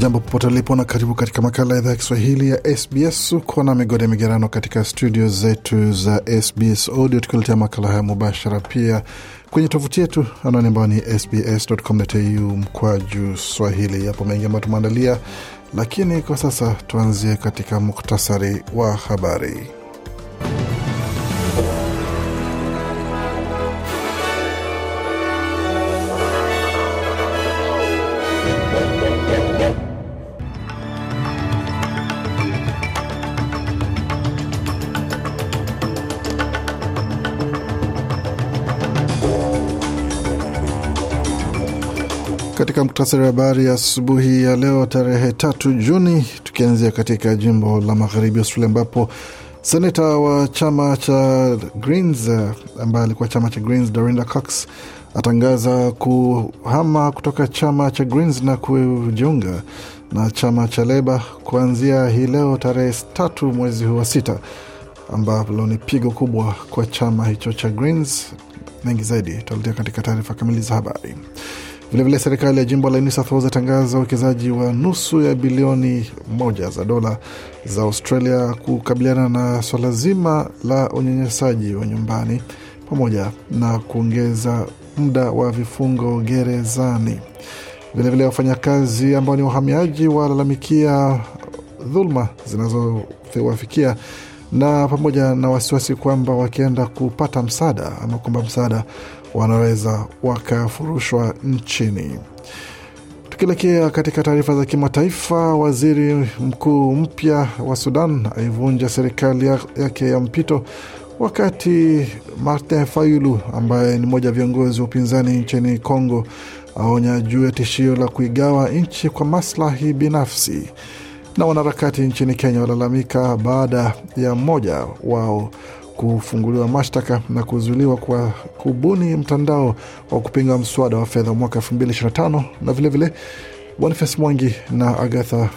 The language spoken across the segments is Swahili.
Jambo popote ulipo na karibu katika makala ya idhaa ya Kiswahili ya SBS. Uko na migode migerano katika studio zetu za SBS Audio, tukiletea makala haya mubashara pia kwenye tovuti yetu, anwani ambayo ni sbs.com.au mkwaju swahili. Yapo mengi ambayo tumeandalia, lakini kwa sasa tuanzie katika muktasari wa habari. katika muktasari wa habari asubuhi ya, leo tarehe tatu Juni, tukianzia katika jimbo la magharibi ya Australia ambapo seneta wa chama cha Greens ambaye alikuwa chama cha Greens Dorinda Cox atangaza kuhama kutoka chama cha Greens na kujiunga na chama cha Leba kuanzia hii leo tarehe tatu mwezi huu wa sita, ambalo ni pigo kubwa kwa chama hicho cha Greens. Mengi zaidi tutaletea katika taarifa kamili za habari. Vilevile, serikali ya jimbo la New South Wales atangaza uwekezaji wa nusu ya bilioni moja za dola za Australia kukabiliana na swala zima la unyanyasaji wa nyumbani pamoja na kuongeza muda wa vifungo gerezani. Vilevile, wafanyakazi ambao ni wahamiaji walalamikia dhuluma zinazowafikia na pamoja na wasiwasi kwamba wakienda kupata msaada ama kuomba msaada wanaweza wakafurushwa nchini. Tukielekea katika taarifa za kimataifa, waziri mkuu mpya wa Sudan aivunja serikali yake ya mpito, wakati Martin Fayulu ambaye ni mmoja wa viongozi wa upinzani nchini Kongo aonya juu ya tishio la kuigawa nchi kwa maslahi binafsi. Na wanaharakati nchini Kenya walalamika baada ya mmoja wao kufunguliwa mashtaka na kuzuiliwa kwa kubuni mtandao wa kupinga mswada wa fedha mwaka 2025 na vilevile vile, Boniface Mwangi na Agatha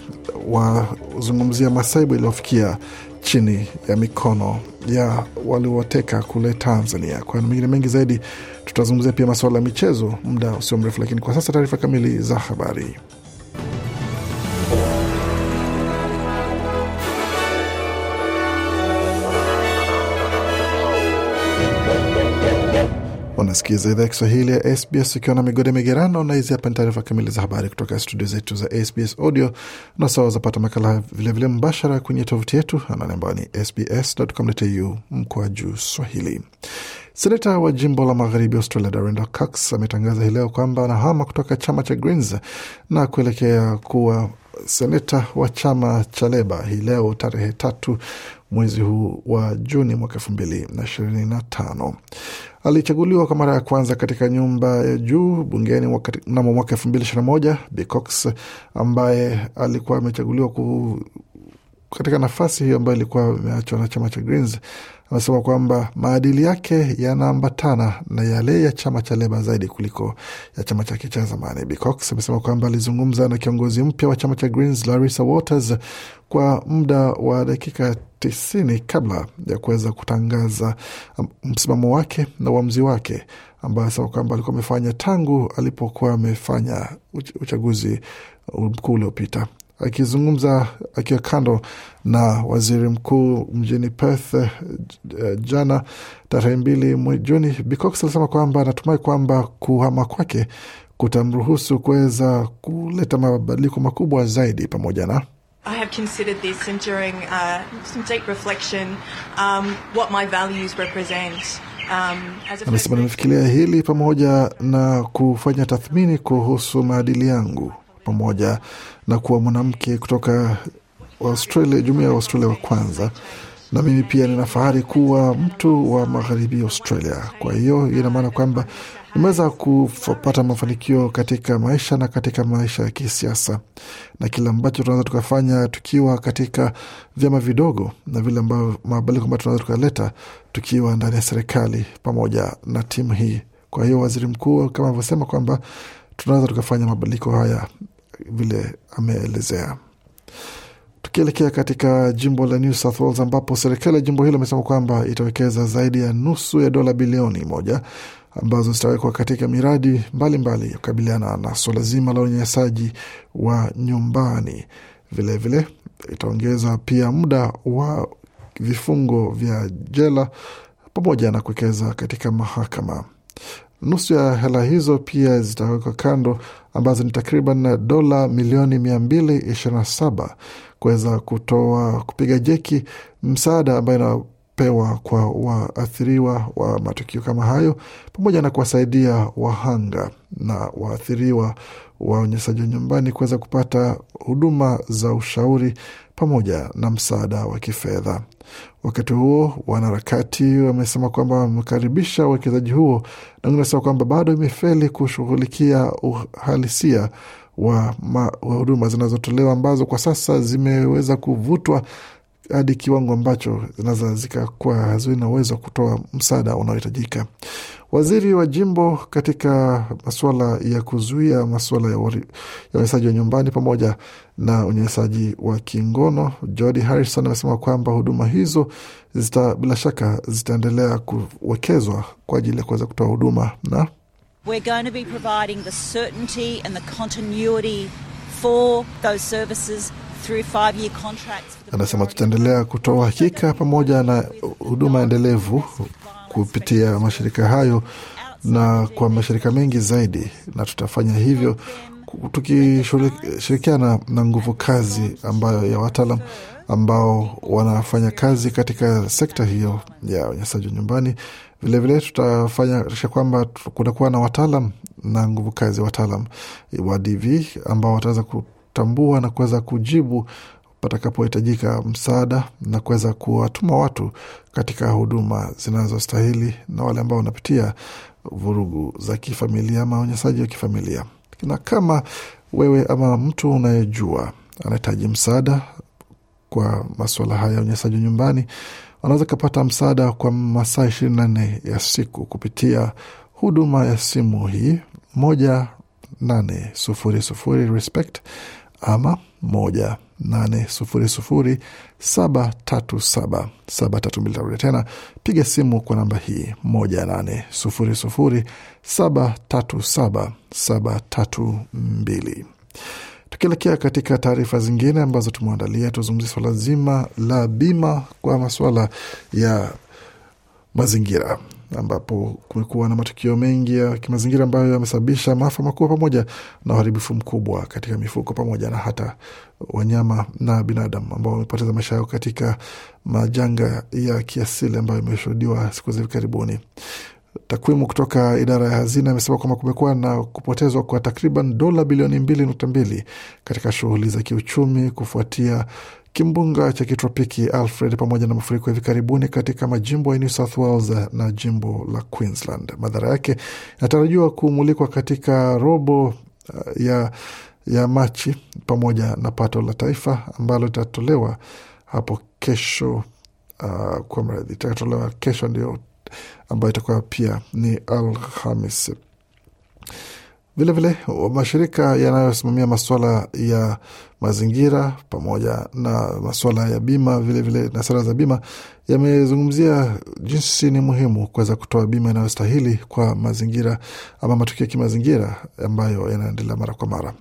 wazungumzia masaibu iliyofikia chini ya mikono ya walioteka kule Tanzania. Kwa mengine mengi zaidi, tutazungumzia pia masuala ya michezo muda usio mrefu, lakini kwa sasa taarifa kamili za habari. Unasikiliza idhaa ya Kiswahili ya SBS ukiwa na migode migerano, na hizi hapa ni taarifa kamili za habari kutoka studio zetu za SBS Audio na sawa zapata makala vilevile mbashara kwenye tovuti yetu anwani ambayo ni sbs.com.au mkoa juu swahili. Seneta wa jimbo la magharibi Australia Darrell Cox ametangaza hii leo kwamba anahama kutoka chama cha Greens na kuelekea kuwa seneta wa chama cha Leba hii leo tarehe tatu mwezi huu wa Juni mwaka elfu mbili na ishirini na tano. Alichaguliwa kwa mara ya kwanza katika nyumba ya juu bungeni mnamo mwaka elfu mbili ishirini na moja. Bi ambaye alikuwa amechaguliwa ku katika nafasi hiyo ambayo ilikuwa imeachwa na chama cha Greens amesema kwamba maadili yake yanaambatana na yale ya chama cha Leba zaidi kuliko ya chama chake cha zamani. Bi amesema kwamba alizungumza na kiongozi mpya wa chama cha Greens Larissa Waters kwa muda wa dakika tisini kabla ya kuweza kutangaza um, msimamo wake na uamuzi wake ambayo asema kwamba alikuwa amefanya tangu alipokuwa amefanya uchaguzi um, mkuu uliopita akizungumza akiwa kando na waziri mkuu mjini Perth uh, jana tarehe mbili mwezi Juni, Bicox alisema kwamba anatumai kwamba kuhama kwake kutamruhusu kuweza kuleta mabadiliko makubwa zaidi pamoja na I have considered this and during uh, some deep reflection um, what my values represent. Um, amesema nimefikiria hili pamoja na kufanya tathmini kuhusu maadili yangu pamoja na kuwa mwanamke kutoka Australia, jumuia ya Australia wa kwanza na mimi pia nina fahari kuwa mtu wa magharibi Australia. Kwa hiyo ina maana kwamba nimeweza kupata mafanikio katika maisha na katika maisha ya kisiasa, na kile ambacho tunaweza tukafanya tukiwa katika vyama vidogo na vile ambavyo mabadiliko ambayo tunaweza tukaleta tukiwa ndani ya serikali pamoja na timu hii. Kwa hiyo waziri mkuu kama alivyosema kwamba tunaweza tukafanya mabadiliko haya vile ameelezea. Tukielekea katika jimbo la New South Wales ambapo serikali ya jimbo hilo imesema kwamba itawekeza zaidi ya nusu ya dola bilioni moja ambazo zitawekwa katika miradi mbalimbali ya kukabiliana na suala zima la unyanyasaji wa nyumbani. Vilevile vile, itaongeza pia muda wa vifungo vya jela pamoja na kuwekeza katika mahakama. Nusu ya hela hizo pia zitawekwa kando ambazo ni takriban dola milioni 227 kuweza kutoa kupiga jeki msaada ambayo inapewa kwa waathiriwa wa matukio kama hayo pamoja na kuwasaidia wahanga na waathiriwa waonyeshaji wa nyumbani kuweza kupata huduma za ushauri pamoja na msaada wa kifedha. Wakati huo wanaharakati wamesema kwamba wamekaribisha uwekezaji huo na unasema kwamba bado imefeli kushughulikia uhalisia wa huduma zinazotolewa ambazo kwa sasa zimeweza kuvutwa hadi kiwango ambacho zinaweza zikakuwa hazina uwezo wa kutoa msaada unaohitajika. Waziri wa jimbo katika masuala ya kuzuia masuala ya unyanyasaji wa nyumbani pamoja na unyanyasaji wa kingono Jodi Harrison amesema kwamba huduma hizo zita, bila shaka zitaendelea kuwekezwa kwa ajili ya kuweza kutoa huduma na anasema tutaendelea kutoa uhakika pamoja na huduma endelevu kupitia mashirika hayo na kwa mashirika mengi zaidi, na tutafanya hivyo tukishirikiana na nguvu kazi ambayo ya wataalam ambao wanafanya kazi katika sekta hiyo ya unyanyasaji wa nyumbani. Vilevile tutafanya kisha kwamba kunakuwa na wataalam na nguvu kazi wataalam wa DV ambao wataweza kutambua na kuweza kujibu patakapohitajika msaada na kuweza kuwatuma watu katika huduma zinazostahili na wale ambao wanapitia vurugu za kifamilia ama unyesaji wa kifamilia. Na kama wewe ama mtu unayejua anahitaji msaada kwa masuala haya ya unyanyasaji nyumbani, anaweza kapata msaada kwa masaa ishirini na nne ya siku kupitia huduma ya simu hii moja nane sufuri sufuri respect ama moja 8 tena, piga simu kwa namba hii moja nane sufuri sufuri saba tatu saba saba tatu mbili. Tukielekea katika taarifa zingine ambazo tumeandalia, tuzungumzia swala zima la bima kwa masuala ya mazingira ambapo kumekuwa na matukio mengi ya kimazingira ambayo yamesababisha maafa makubwa pamoja na uharibifu mkubwa katika mifugo pamoja na hata wanyama na binadamu ambao wamepoteza maisha yao katika majanga ya kiasili ambayo imeshuhudiwa siku za hivi karibuni. Takwimu kutoka idara ya hazina imesema kwamba kumekuwa na kupotezwa kwa takriban dola bilioni mbili nukta mbili katika shughuli za kiuchumi kufuatia Kimbunga cha kitropiki Alfred pamoja na mafuriko hivi karibuni katika majimbo ya New South Wales na jimbo la Queensland. Madhara yake yanatarajiwa kumulikwa katika robo uh, ya, ya Machi pamoja na pato la taifa ambalo litatolewa hapo kesho. Uh, kwa mradhi itatolewa kesho ndio ambayo itakuwa pia ni Alhamis. Vilevile vile, mashirika yanayosimamia masuala ya mazingira pamoja na masuala ya bima vilevile vile, na sera za bima yamezungumzia jinsi ni muhimu kuweza kutoa bima inayostahili kwa mazingira ama matukio ya kimazingira ambayo yanaendelea mara kwa mara.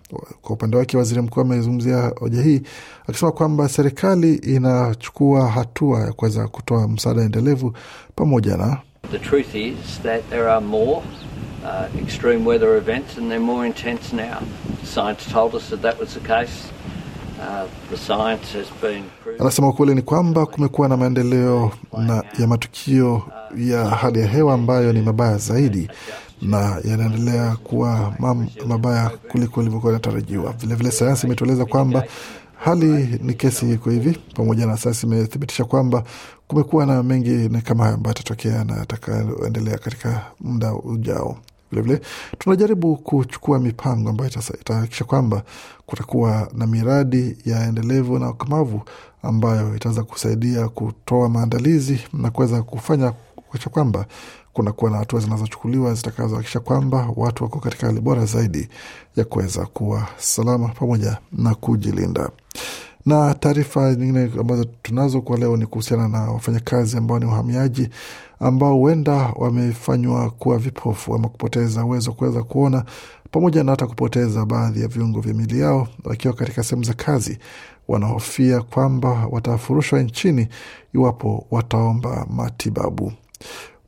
Kwa upande wake, waziri mkuu amezungumzia hoja hii akisema kwamba serikali inachukua hatua ya kuweza kutoa msaada endelevu pamoja na The truth is that there are more uh, extreme weather events, and they're more intense now. Science told us that that was the case. Uh, Anasema ukweli ni kwamba kumekuwa na maendeleo na ya matukio ya hali ya hewa ambayo ni mabaya zaidi na yanaendelea kuwa mabaya kuliko ilivyokuwa inatarajiwa. Vilevile, sayansi imetueleza kwamba hali ni kesi iko hivi, pamoja na sayansi imethibitisha kwamba kumekuwa na mengi kama hayo ambayo yatatokea na yatakaendelea katika muda ujao. Vilevile tunajaribu kuchukua mipango ambayo itahakikisha kwamba kutakuwa na miradi ya endelevu na ukamavu ambayo itaweza kusaidia kutoa maandalizi na kuweza kufanya kuakisha kwamba kunakuwa na hatua zinazochukuliwa zitakazohakikisha kwamba watu wako katika hali bora zaidi ya kuweza kuwa salama pamoja na kujilinda. Na taarifa nyingine ambazo tunazo kwa leo ni kuhusiana na wafanyakazi ambao ni uhamiaji ambao huenda wamefanywa kuwa vipofu ama kupoteza uwezo wa kuweza kuona pamoja na hata kupoteza baadhi ya viungo vya miili yao wakiwa katika sehemu za kazi. Wanahofia kwamba watafurushwa nchini iwapo wataomba matibabu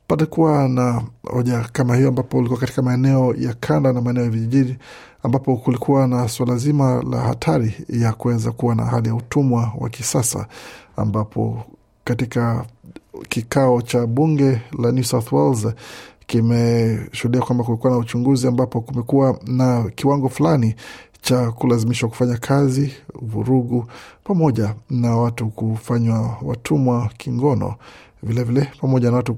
patakuwa na hoja kama hiyo, ambapo ulikuwa katika maeneo ya kanda na maeneo ya vijijini, ambapo kulikuwa na suala zima la hatari ya kuweza kuwa na hali ya utumwa wa kisasa, ambapo katika kikao cha bunge la New South Wales kimeshuhudia kwamba kulikuwa na uchunguzi ambapo kumekuwa na kiwango fulani cha kulazimishwa kufanya kazi, vurugu, pamoja na watu kufanywa watumwa kingono vilevile pamoja na watu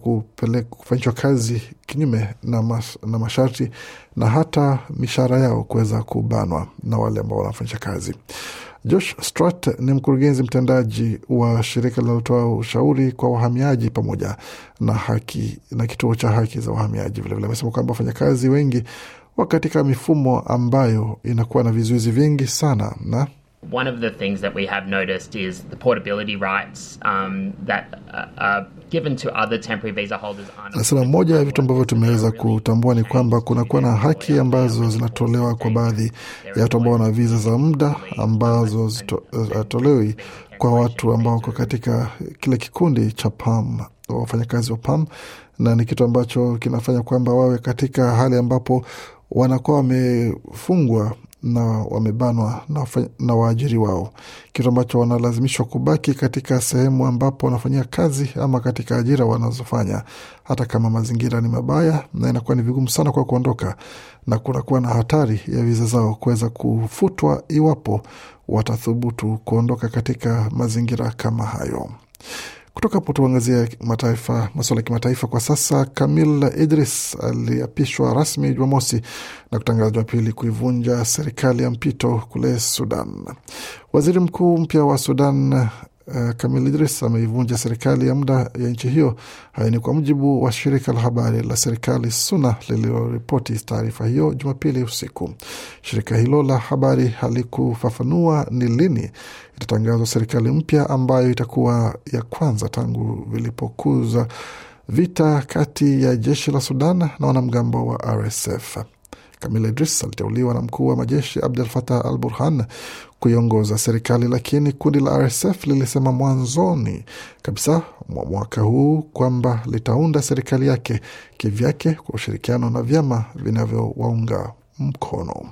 kufanyishwa kazi kinyume na, mas, na masharti na hata mishahara yao kuweza kubanwa na wale ambao wanafanyisha kazi. Josh Strat ni mkurugenzi mtendaji wa shirika linalotoa ushauri kwa wahamiaji pamoja na haki na kituo cha haki za wahamiaji. Vilevile amesema kwamba wafanyakazi wengi wa katika mifumo ambayo inakuwa na vizuizi vingi sana na one of the things that we have noticed is the portability rights um, that uh, are given to other temporary visa holders. Nasema moja ya vitu ambavyo tumeweza kutambua ni kwamba kunakuwa na haki ambazo zinatolewa kwa baadhi ya watu ambao wana viza za muda ambazo zitolewi kwa watu ambao wako katika kile kikundi cha PAM, wafanyakazi wa PAM, na ni kitu ambacho kinafanya kwamba wawe katika hali ambapo wanakuwa wamefungwa na wamebanwa na, na waajiri wao, kitu ambacho wanalazimishwa kubaki katika sehemu ambapo wanafanyia kazi ama katika ajira wanazofanya, hata kama mazingira ni mabaya, na inakuwa ni vigumu sana kwa kuondoka, na kunakuwa na hatari ya viza zao kuweza kufutwa iwapo watathubutu kuondoka katika mazingira kama hayo. Kutoka hapo tuangazia mataifa masuala ya kimataifa kwa sasa. Kamil Idris aliapishwa rasmi Jumamosi na kutangaza Jumapili kuivunja serikali ya mpito kule Sudan. Waziri mkuu mpya wa Sudan Eh, Kamil Idris ameivunja serikali ya muda ya nchi hiyo. Hayo ni kwa mujibu wa shirika la habari la serikali SUNA lililoripoti taarifa hiyo Jumapili usiku. Shirika hilo la habari halikufafanua ni lini itatangazwa serikali mpya ambayo itakuwa ya kwanza tangu vilipokuza vita kati ya jeshi la Sudan na wanamgambo wa RSF. Kamila Idris aliteuliwa na mkuu wa majeshi abdul fatah al Burhan kuiongoza serikali, lakini kundi la RSF lilisema mwanzoni kabisa mwa mwaka huu kwamba litaunda serikali yake kivyake kwa ushirikiano na vyama vinavyowaunga mkono.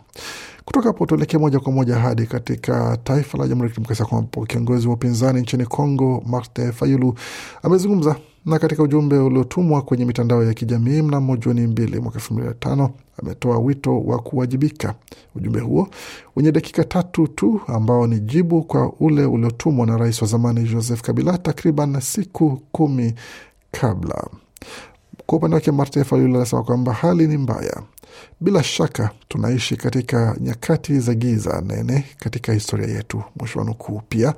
Kutoka hapo tuelekee moja kwa moja hadi katika taifa la Jamhuri ya Kidemokrasia ambapo kiongozi wa upinzani nchini congo Marte Fayulu amezungumza na katika ujumbe uliotumwa kwenye mitandao ya kijamii mnamo Juni mbili mwaka elfu mbili na tano ametoa wito wa kuwajibika. Ujumbe huo wenye dakika tatu tu ambao ni jibu kwa ule uliotumwa na rais wa zamani Joseph Kabila takriban siku kumi kabla. Kwa upande wake Martin Fayulu anasema kwamba hali ni mbaya, bila shaka tunaishi katika nyakati za giza nene katika historia yetu, mwisho wa nukuu. Pia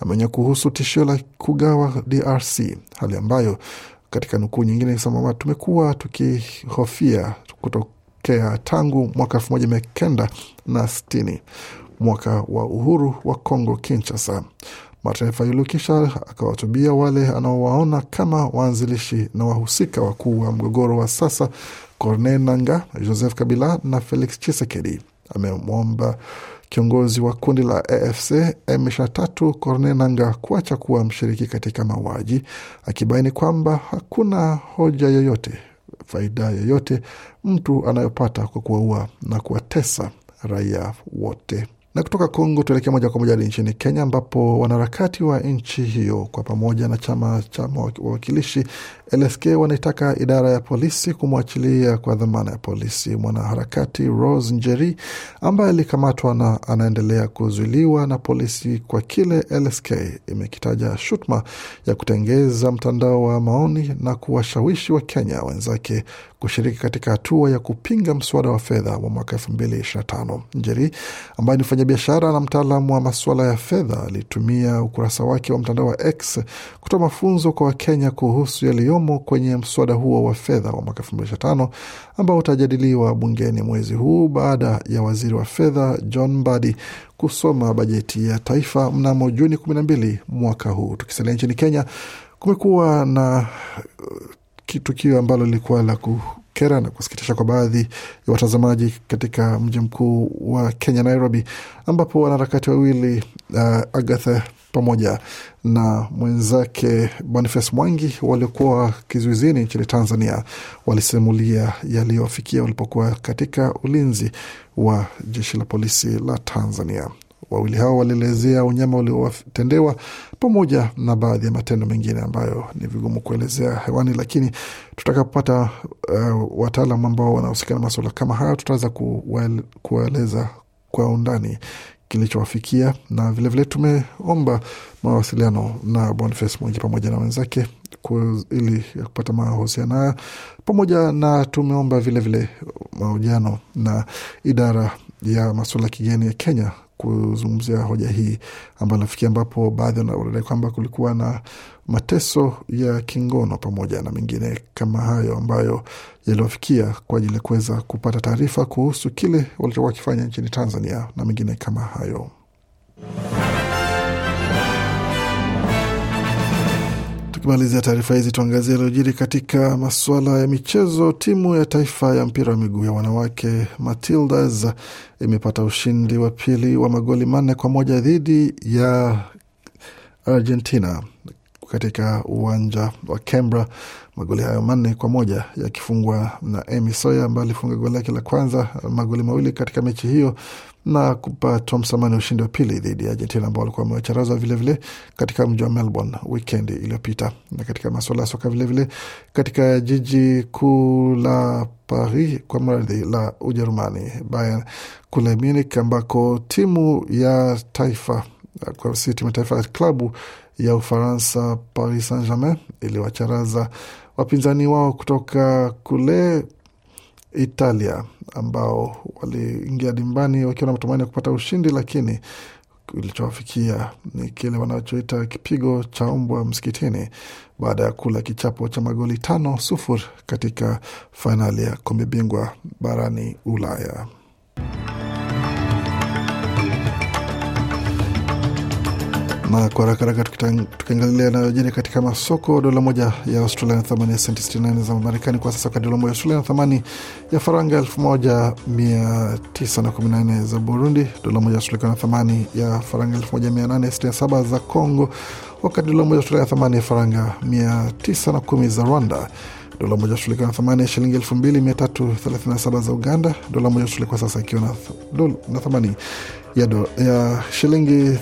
ameonya kuhusu tishio la kugawa DRC, hali ambayo katika nukuu nyingine sema tumekuwa tukihofia kutokea tangu mwaka elfu moja mia kenda na sitini mwaka wa uhuru wa congo Kinshasa. Martin Fayulu akawatubia wale anaowaona kama waanzilishi na wahusika wakuu wa mgogoro wa sasa Corne Nanga, Joseph Kabila na Felix Chisekedi. Amemwomba kiongozi wa kundi la AFC M23 Corne Nanga kuacha kuwa mshiriki katika mauaji, akibaini kwamba hakuna hoja yoyote, faida yoyote mtu anayopata kwa kuwaua na kuwatesa raia wote. Na kutoka Kongo tuelekea moja kwa moja hadi nchini Kenya, ambapo wanaharakati wa nchi hiyo kwa pamoja na chama cha wawakilishi LSK wanaitaka idara ya polisi kumwachilia kwa dhamana ya polisi mwanaharakati Rose Njeri ambaye alikamatwa na anaendelea kuzuiliwa na polisi kwa kile LSK imekitaja shutuma ya kutengeza mtandao wa maoni na kuwashawishi Wakenya wenzake kushiriki katika hatua ya kupinga mswada wa fedha wa mwaka 2025. Njeri ambaye ni Mfanyabiashara na mtaalamu wa masuala ya fedha alitumia ukurasa wake wa mtandao wa X kutoa mafunzo kwa Wakenya kuhusu yaliyomo kwenye mswada huo wa fedha wa mwaka 2025 ambao utajadiliwa bungeni mwezi huu baada ya waziri wa fedha John Mbadi kusoma bajeti ya taifa mnamo Juni 12 mwaka huu. Tukisalia nchini Kenya, kumekuwa na uh, tukio ambalo lilikuwa la kera na kusikitisha kwa baadhi ya watazamaji katika mji mkuu wa Kenya, Nairobi, ambapo wanaharakati wawili uh, Agatha pamoja na mwenzake Boniface Mwangi waliokuwa kizuizini nchini Tanzania walisimulia yaliyofikia walipokuwa katika ulinzi wa jeshi la polisi la Tanzania. Wawili hao walielezea unyama waliowatendewa pamoja na baadhi ya matendo mengine ambayo ni vigumu kuelezea hewani, lakini tutakapopata uh, wataalam ambao wanahusika na masuala kama haya tutaweza kuwaeleza kwa undani kilichowafikia na vilevile, tumeomba mawasiliano na Boniface Mwengi pamoja na wenzake ili kupata mahusiano haya, pamoja na tumeomba vilevile mahojiano na idara ya masuala ya kigeni ya Kenya kuzungumzia hoja hii ambayo nafikia, ambapo baadhi wanadai kwamba kulikuwa na mateso ya kingono pamoja na mengine kama hayo ambayo yaliwafikia kwa ajili ya kuweza kupata taarifa kuhusu kile walichokuwa wakifanya nchini Tanzania na mengine kama hayo. Tukimalizia taarifa hizi, tuangazie aliojiri katika masuala ya michezo. Timu ya taifa ya mpira wa miguu ya wanawake Matildas imepata ushindi wa pili wa magoli manne kwa moja dhidi ya Argentina katika uwanja wa Canberra, magoli hayo manne kwa moja yakifungwa na Amy Sawyer ambaye alifunga goli lake la kwanza, magoli mawili katika mechi hiyo na kupa Tom Samani ushindi wa pili dhidi ya Argentina ambao walikuwa wamewacharaza vilevile katika mji wa Melbourne wikendi iliyopita. Na katika masuala ya soka vilevile, katika jiji kuu la Paris kwa mradhi la Ujerumani, Bayern kule Munich, ambako timu ya taifa kwa si timu ya taifa ya klabu ya Ufaransa, Paris Saint Germain iliwacharaza wapinzani wao kutoka kule Italia ambao waliingia dimbani wakiwa na matumaini ya kupata ushindi, lakini kilichowafikia ni kile wanachoita kipigo cha mbwa msikitini baada ya kula kichapo cha magoli tano sufuri katika fainali ya kombe bingwa barani Ulaya. Na kwa rakaraka haraka tukiangalia yanayojiri katika masoko, dola moja ya Australia na thamani ya senti 68 za Marekani kwa sasa, wakati dola moja ya Australia na thamani ya faranga 1918 za Burundi, dola moja ya Australia na thamani ya faranga 1867 za Congo, wakati dola moja ya Australia na thamani ya faranga 910 za Rwanda dola moja Australia na thamani ya shilingi 2337 za Uganda, dola moja Australia kwa sasa ikiwa na, thamani ya, do, ya shilingi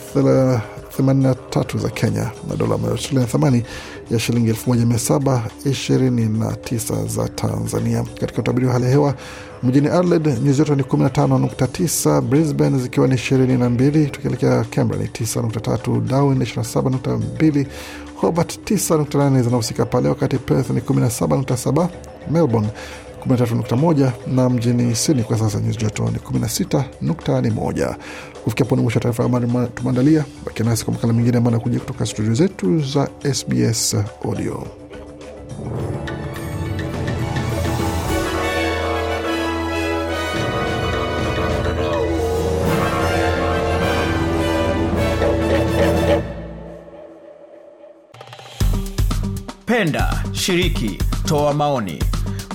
83 za Kenya na dola moja Australia na thamani ya shilingi 1729 za Tanzania. Katika utabiri wa hali ya hewa mjini Adelaide nyuzi joto ni 15.9, Brisbane zikiwa ni 22, tukielekea Canberra ni 9.3, Darwin ni 27.2, Hobart 9.8 zinahusika pale, wakati Perth ni 17.7, Melbourne 13.1 na mjini Sydney kwa sasa nyuzi joto ni 16.1. Kufikia hapo ni mwisho wa taarifa habari tumeandalia. Bakia nasi kwa makala mengine ambayo anakuja kutoka studio zetu za SBS Audio. Penda, shiriki, toa maoni